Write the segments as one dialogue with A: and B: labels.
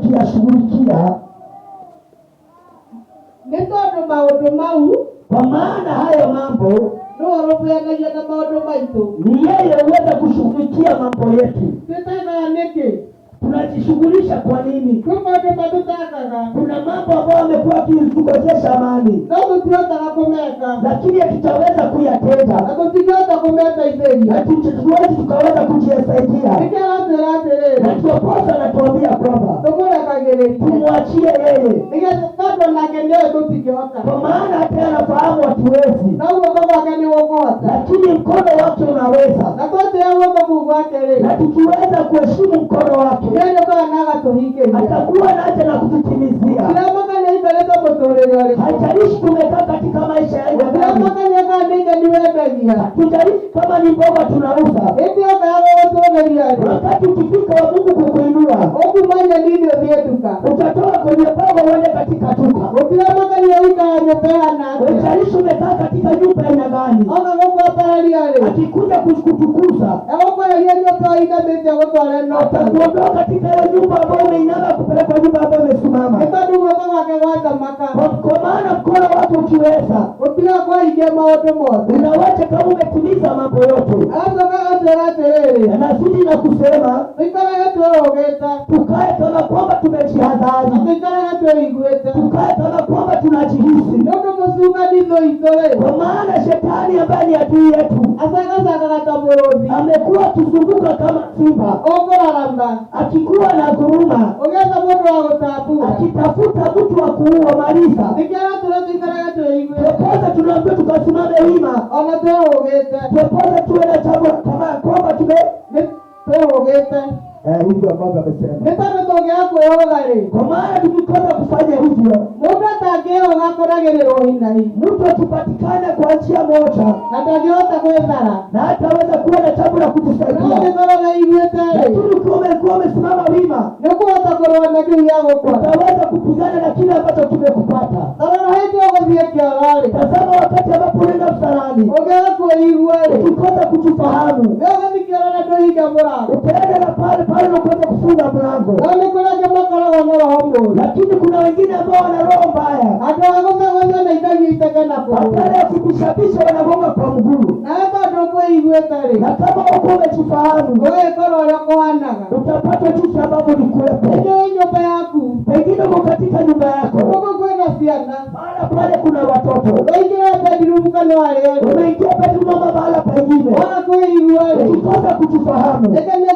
A: kuyashughulikia
B: nä tondå maå mau
A: kwa maana hayo mambo
B: nä na maå maitå
A: ni yeye uweza kushughulikia mambo yetu
B: twätanaga nä
A: tunajishughulisha kwa nini?
B: Kuna
A: mambo ambayo amekuwa akitukosesha amani, lakini hatutaweza kuyatenda, hatuwezi tukaweza kujisaidia, na ndiyo kwamba tumwachie yeye, kwa maana hata anafahamu hatuwezi, lakini mkono wake unaweza, na tukiweza kuheshimu mkono wake atakuwa naje na kututimizia. Haijalishi tumekaa katika maisha yetu, hatujalishi kama ni mboga tunauza, wakati ukifika wa Mungu
B: okumanya ndivyo vyetuka
A: utatoa kwenye pawa uende katika tuka
B: ukilamagania ukaanyepeana
A: utaishi umekaa katika nyumba aina gani
B: ogagokwapalaliale
A: akikuja kukutukuza
B: agokwalalianyotoaidabejagokwaleno
A: atakuondoa katika hiyo nyumba ambayo umeinama kupelekwa nyumba ambayo umesimama
B: ekadugogowakewazamaka
A: kwa maana mkono wako ukiweza
B: kwa Kila maoto mote
A: unaweza kama umetimiza mambo yote
B: azaateratelele
A: anazidi na kusema
B: ikaragatweogeta
A: tukae kana kwamba tumejihadhari
B: ikaragatweigweta
A: tukae kana kwamba tunajihisi
B: nodomosugadithoitole
A: kwa maana shetani ambaye ni adui yetu
B: asagasagarata murothi
A: amekuwa tuzunguka kama simba
B: ogoraramba
A: akikuwa na dhuruma
B: ogeta mundu wa gutambua
A: akitafuta mtu wa kuua maliza ikara tukasimame wima
B: onathehũgĩte
A: popote tuwe na chagua tamaa kwamba tume
B: nĩtwĩhũgĩte
A: eh, hivyo ambavyo amesema
B: nĩtondũ tũngĩakwĩhũga rĩ
A: kwa maana tukikosa kufanya hivyo
B: mũndũ atangĩhũga akoragĩrĩrwo hina hi eh.
A: mtu akipatikana kwa njia moja
B: na ndangĩhota gwĩthara
A: na hataweza kuwa na jambo la kujisaidia
B: ũngĩkorwo ũiguĩte
A: lakini ukiwa umekuwa umesimama wima
B: nĩũkũhota kũrũa na kiu gĩa
A: utaweza kupigana na kile ambacho kimekupata
B: ogerakweirwe
A: ukikosa kutufahamu
B: wewe nikiona ndwihinga mlango
A: ukiregera pale pale na kuweza kufunga mlango
B: wamekuraja makoragwa na roho mbovu,
A: lakini kuna wengine ambao wana roho mbaya
B: atawagothagoza na itagia itakanapo
A: atale akikushabisha wanagonga kwa mguu
B: nawe bado ukweiguetari
A: na kama uko umetufahamu
B: wewe koro uria kuhanaga
A: utapata tu sababu ni kuwepo
B: ndio nyumba yaku
A: pengine uko katika nyumba yako pale kuna watoto
B: wengi hapa dirubuka na wale
A: umeingia tu mama bala pengine
B: wana kweli wale
A: ukikosa kutufahamu
B: ekanya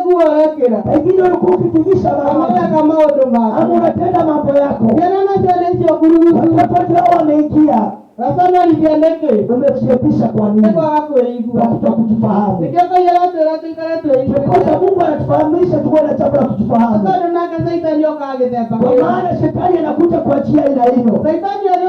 B: yake na
A: pengine ulikuwa mama
B: mamata kama odoma
A: ama unatenda mambo yako
B: yana na challenge ya kuruhusu
A: watoto ndio wameingia
B: Rasana liviandeke
A: umesiepisha kwa nini?
B: Kwa wako elimu
A: watoto kutufahamu.
B: Nikiwa watu yote kana tu elimu.
A: Kwa sababu Mungu anatufahamisha tuwe na chakula kutufahamu.
B: Sasa ndio naka shetani yoka hapa
A: Kwa maana shetani anakuja kwa njia ina hiyo.
B: Shetani